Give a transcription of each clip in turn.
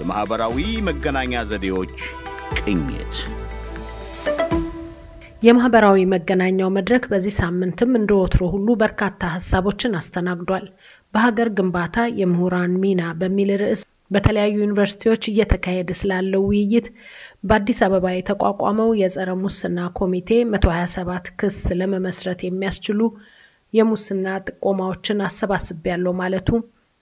የማኅበራዊ መገናኛ ዘዴዎች ቅኝት የማኅበራዊ መገናኛው መድረክ በዚህ ሳምንትም እንደ ወትሮ ሁሉ በርካታ ሀሳቦችን አስተናግዷል። በሀገር ግንባታ የምሁራን ሚና በሚል ርዕስ በተለያዩ ዩኒቨርሲቲዎች እየተካሄደ ስላለው ውይይት፣ በአዲስ አበባ የተቋቋመው የጸረ ሙስና ኮሚቴ 127 ክስ ለመመስረት የሚያስችሉ የሙስና ጥቆማዎችን አሰባስቤያለሁ ማለቱ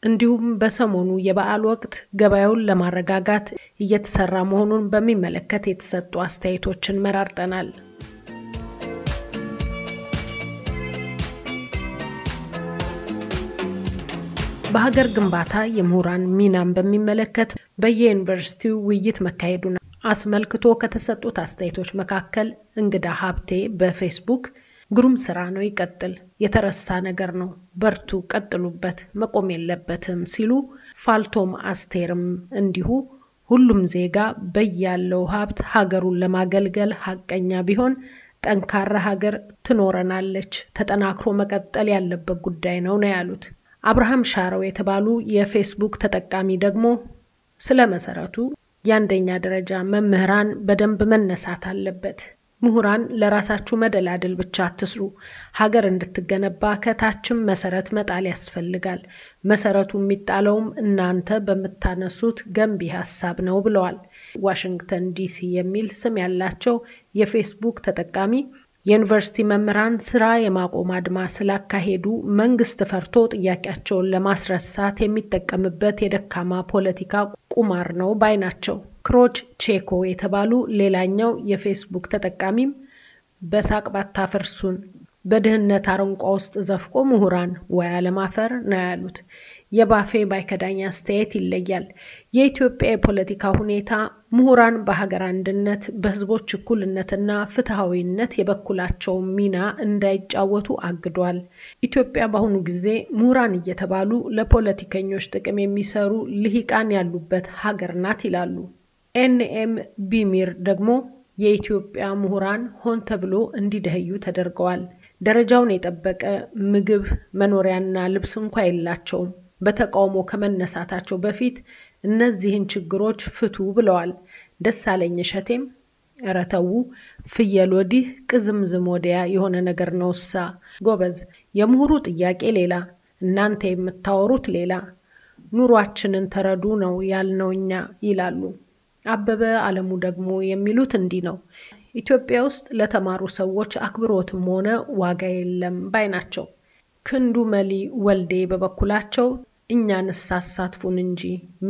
እንዲሁም በሰሞኑ የበዓል ወቅት ገበያውን ለማረጋጋት እየተሰራ መሆኑን በሚመለከት የተሰጡ አስተያየቶችን መራርጠናል። በሀገር ግንባታ የምሁራን ሚናን በሚመለከት በየዩኒቨርሲቲው ውይይት መካሄዱን አስመልክቶ ከተሰጡት አስተያየቶች መካከል እንግዳ ሀብቴ በፌስቡክ ግሩም ስራ ነው፣ ይቀጥል። የተረሳ ነገር ነው፣ በርቱ፣ ቀጥሉበት፣ መቆም የለበትም ሲሉ ፋልቶም አስቴርም እንዲሁ ሁሉም ዜጋ በያለው ሀብት ሀገሩን ለማገልገል ሀቀኛ ቢሆን ጠንካራ ሀገር ትኖረናለች፣ ተጠናክሮ መቀጠል ያለበት ጉዳይ ነው ነው ያሉት። አብርሃም ሻረው የተባሉ የፌስቡክ ተጠቃሚ ደግሞ ስለ መሰረቱ የአንደኛ ደረጃ መምህራን በደንብ መነሳት አለበት ምሁራን ለራሳችሁ መደላድል ብቻ አትስሩ። ሀገር እንድትገነባ ከታችም መሰረት መጣል ያስፈልጋል። መሰረቱ የሚጣለውም እናንተ በምታነሱት ገንቢ ሀሳብ ነው ብለዋል። ዋሽንግተን ዲሲ የሚል ስም ያላቸው የፌስቡክ ተጠቃሚ የዩኒቨርሲቲ መምህራን ስራ የማቆም አድማ ስላካሄዱ መንግስት ፈርቶ ጥያቄያቸውን ለማስረሳት የሚጠቀምበት የደካማ ፖለቲካ ቁማር ነው ባይ ናቸው። ክሮች ቼኮ የተባሉ ሌላኛው የፌስቡክ ተጠቃሚም በሳቅ ባታፈርሱን በድህነት አረንቋ ውስጥ ዘፍቆ ምሁራን ወይ አለማፈር ነው ያሉት። የባፌ ባይከዳኝ አስተያየት ይለያል። የኢትዮጵያ የፖለቲካ ሁኔታ ምሁራን በሀገር አንድነት በህዝቦች እኩልነትና ፍትሐዊነት የበኩላቸውን ሚና እንዳይጫወቱ አግዷል። ኢትዮጵያ በአሁኑ ጊዜ ምሁራን እየተባሉ ለፖለቲከኞች ጥቅም የሚሰሩ ልሂቃን ያሉበት ሀገር ናት ይላሉ። ኤንኤም ቢሚር ደግሞ የኢትዮጵያ ምሁራን ሆን ተብሎ እንዲደህዩ ተደርገዋል። ደረጃውን የጠበቀ ምግብ፣ መኖሪያና ልብስ እንኳ የላቸውም። በተቃውሞ ከመነሳታቸው በፊት እነዚህን ችግሮች ፍቱ ብለዋል። ደሳለኝ እሸቴም ኧረ ተዉ፣ ፍየል ወዲህ ቅዝምዝም ወዲያ የሆነ ነገር ነውሳ ጎበዝ። የምሁሩ ጥያቄ ሌላ፣ እናንተ የምታወሩት ሌላ። ኑሯችንን ተረዱ ነው ያልነው እኛ ይላሉ። አበበ አለሙ ደግሞ የሚሉት እንዲህ ነው። ኢትዮጵያ ውስጥ ለተማሩ ሰዎች አክብሮትም ሆነ ዋጋ የለም ባይ ናቸው። ክንዱ መሊ ወልዴ በበኩላቸው እኛንስ አሳትፉን እንጂ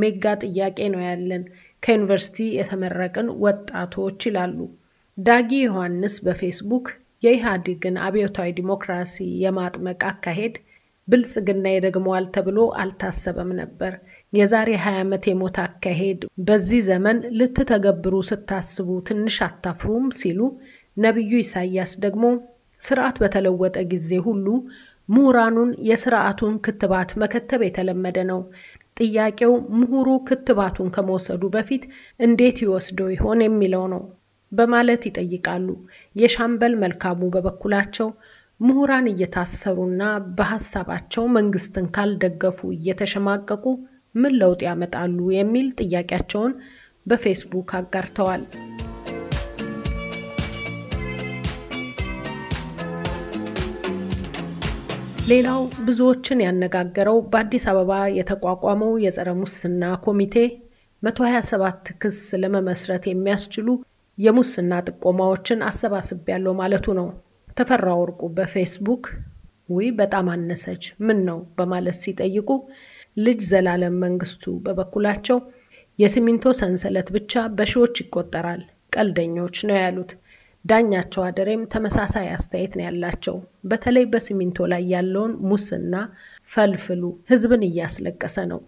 ሜጋ ጥያቄ ነው ያለን ከዩኒቨርሲቲ የተመረቅን ወጣቶች ይላሉ። ዳጊ ዮሐንስ በፌስቡክ የኢህአዴግን አብዮታዊ ዲሞክራሲ የማጥመቅ አካሄድ ብልጽግና ይደግመዋል ተብሎ አልታሰበም ነበር የዛሬ 20 ዓመት የሞት አካሄድ በዚህ ዘመን ልትተገብሩ ስታስቡ ትንሽ አታፍሩም ሲሉ ነቢዩ ኢሳያስ ደግሞ ስርዓት በተለወጠ ጊዜ ሁሉ ምሁራኑን የስርዓቱን ክትባት መከተብ የተለመደ ነው። ጥያቄው ምሁሩ ክትባቱን ከመውሰዱ በፊት እንዴት ይወስደው ይሆን የሚለው ነው በማለት ይጠይቃሉ። የሻምበል መልካሙ በበኩላቸው ምሁራን እየታሰሩና በሀሳባቸው መንግስትን ካልደገፉ እየተሸማቀቁ ምን ለውጥ ያመጣሉ የሚል ጥያቄያቸውን በፌስቡክ አጋርተዋል። ሌላው ብዙዎችን ያነጋገረው በአዲስ አበባ የተቋቋመው የጸረ ሙስና ኮሚቴ 127 ክስ ለመመስረት የሚያስችሉ የሙስና ጥቆማዎችን አሰባስብ ያለው ማለቱ ነው። ተፈራ ወርቁ በፌስቡክ ውይ በጣም አነሰች ምን ነው በማለት ሲጠይቁ ልጅ ዘላለም መንግስቱ በበኩላቸው የሲሚንቶ ሰንሰለት ብቻ በሺዎች ይቆጠራል፣ ቀልደኞች ነው ያሉት። ዳኛቸው አደሬም ተመሳሳይ አስተያየት ነው ያላቸው። በተለይ በሲሚንቶ ላይ ያለውን ሙስና ፈልፍሉ፣ ህዝብን እያስለቀሰ ነው፣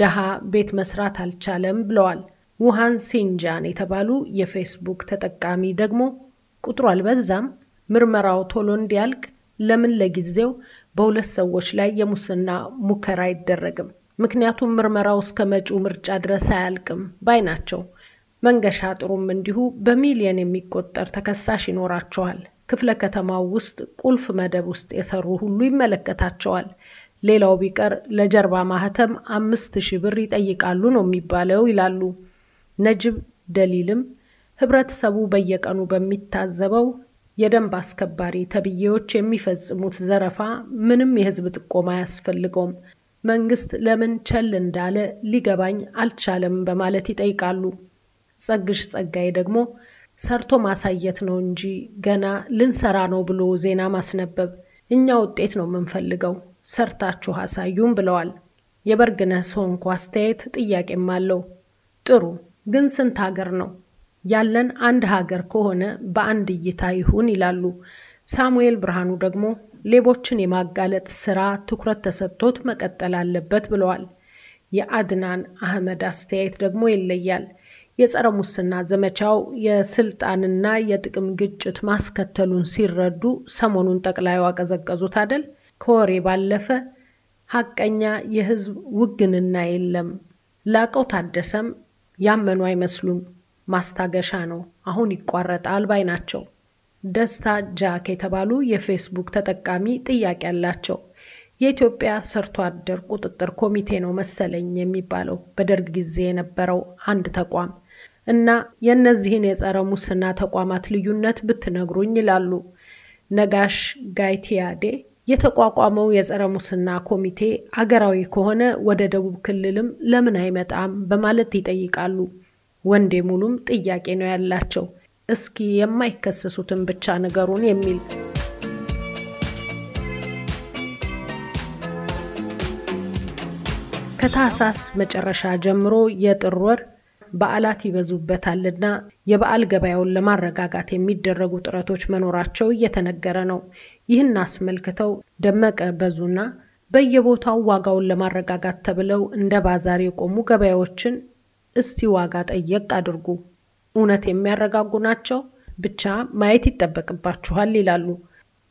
ድሃ ቤት መስራት አልቻለም ብለዋል። ውሃን ሲንጃን የተባሉ የፌስቡክ ተጠቃሚ ደግሞ ቁጥሩ አልበዛም፣ ምርመራው ቶሎ እንዲያልቅ ለምን ለጊዜው በሁለት ሰዎች ላይ የሙስና ሙከራ አይደረግም፣ ምክንያቱም ምርመራው እስከ መጪው ምርጫ ድረስ አያልቅም ባይ ናቸው። መንገሻ ጥሩም እንዲሁ በሚሊየን የሚቆጠር ተከሳሽ ይኖራቸዋል። ክፍለ ከተማው ውስጥ ቁልፍ መደብ ውስጥ የሰሩ ሁሉ ይመለከታቸዋል። ሌላው ቢቀር ለጀርባ ማህተም አምስት ሺህ ብር ይጠይቃሉ ነው የሚባለው ይላሉ። ነጅብ ደሊልም ህብረተሰቡ በየቀኑ በሚታዘበው የደንብ አስከባሪ ተብዬዎች የሚፈጽሙት ዘረፋ ምንም የህዝብ ጥቆማ አያስፈልገውም፣ መንግስት ለምን ቸል እንዳለ ሊገባኝ አልቻለም በማለት ይጠይቃሉ። ጸግሽ ጸጋዬ ደግሞ ሰርቶ ማሳየት ነው እንጂ ገና ልንሰራ ነው ብሎ ዜና ማስነበብ፣ እኛ ውጤት ነው የምንፈልገው፣ ሰርታችሁ አሳዩም ብለዋል። የበርግነህ ሶንኮ አስተያየት ጥያቄም አለው። ጥሩ ግን ስንት ሀገር ነው ያለን አንድ ሀገር ከሆነ በአንድ እይታ ይሁን ይላሉ። ሳሙኤል ብርሃኑ ደግሞ ሌቦችን የማጋለጥ ስራ ትኩረት ተሰጥቶት መቀጠል አለበት ብለዋል። የአድናን አህመድ አስተያየት ደግሞ ይለያል። የጸረ ሙስና ዘመቻው የስልጣንና የጥቅም ግጭት ማስከተሉን ሲረዱ ሰሞኑን ጠቅላዩ አቀዘቀዙት አደል? ከወሬ ባለፈ ሀቀኛ የህዝብ ውግንና የለም። ላቀው ታደሰም ያመኑ አይመስሉም። ማስታገሻ ነው፣ አሁን ይቋረጣል ባይ ናቸው። ደስታ ጃክ የተባሉ የፌስቡክ ተጠቃሚ ጥያቄ አላቸው። የኢትዮጵያ ሰርቶ አደር ቁጥጥር ኮሚቴ ነው መሰለኝ የሚባለው በደርግ ጊዜ የነበረው አንድ ተቋም እና የእነዚህን የጸረ ሙስና ተቋማት ልዩነት ብትነግሩኝ ይላሉ። ነጋሽ ጋይቲያዴ የተቋቋመው የጸረ ሙስና ኮሚቴ አገራዊ ከሆነ ወደ ደቡብ ክልልም ለምን አይመጣም በማለት ይጠይቃሉ። ወንዴ ሙሉም ጥያቄ ነው ያላቸው። እስኪ የማይከሰሱትን ብቻ ነገሩን የሚል ከታህሳስ መጨረሻ ጀምሮ የጥር ወር በዓላት ይበዙበታልና የበዓል ገበያውን ለማረጋጋት የሚደረጉ ጥረቶች መኖራቸው እየተነገረ ነው። ይህን አስመልክተው ደመቀ በዙና በየቦታው ዋጋውን ለማረጋጋት ተብለው እንደ ባዛር የቆሙ ገበያዎችን እስቲ ዋጋ ጠየቅ አድርጉ። እውነት የሚያረጋጉ ናቸው ብቻ ማየት ይጠበቅባችኋል ይላሉ።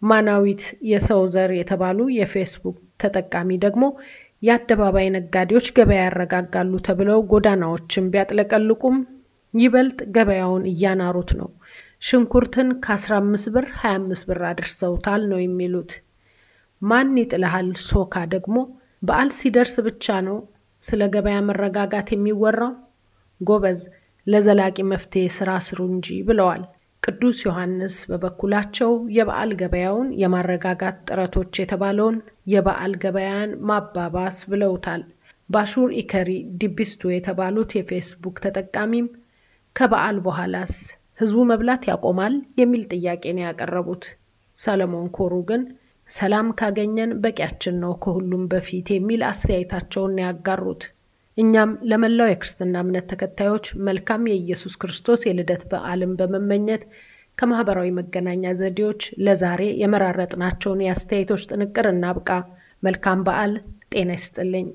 ማናዊት የሰው ዘር የተባሉ የፌስቡክ ተጠቃሚ ደግሞ የአደባባይ ነጋዴዎች ገበያ ያረጋጋሉ ተብለው ጎዳናዎችን ቢያጥለቀልቁም ይበልጥ ገበያውን እያናሩት ነው። ሽንኩርትን ከ15 ብር 25 ብር አድርሰውታል ነው የሚሉት። ማን ይጥልሃል ሶካ ደግሞ በዓል ሲደርስ ብቻ ነው ስለ ገበያ መረጋጋት የሚወራው። ጎበዝ፣ ለዘላቂ መፍትሄ ስራ ስሩ እንጂ ብለዋል። ቅዱስ ዮሐንስ በበኩላቸው የበዓል ገበያውን የማረጋጋት ጥረቶች የተባለውን የበዓል ገበያን ማባባስ ብለውታል። ባሹር ኢከሪ ዲቢስቱ የተባሉት የፌስቡክ ተጠቃሚም ከበዓል በኋላስ ህዝቡ መብላት ያቆማል የሚል ጥያቄ ነው ያቀረቡት። ሰለሞን ኮሩ ግን ሰላም ካገኘን በቂያችን ነው ከሁሉም በፊት የሚል አስተያየታቸውን ያጋሩት። እኛም ለመላው የክርስትና እምነት ተከታዮች መልካም የኢየሱስ ክርስቶስ የልደት በዓልን በመመኘት ከማህበራዊ መገናኛ ዘዴዎች ለዛሬ የመራረጥናቸውን የአስተያየቶች ጥንቅር እናብቃ። መልካም በዓል። ጤና ይስጥልኝ።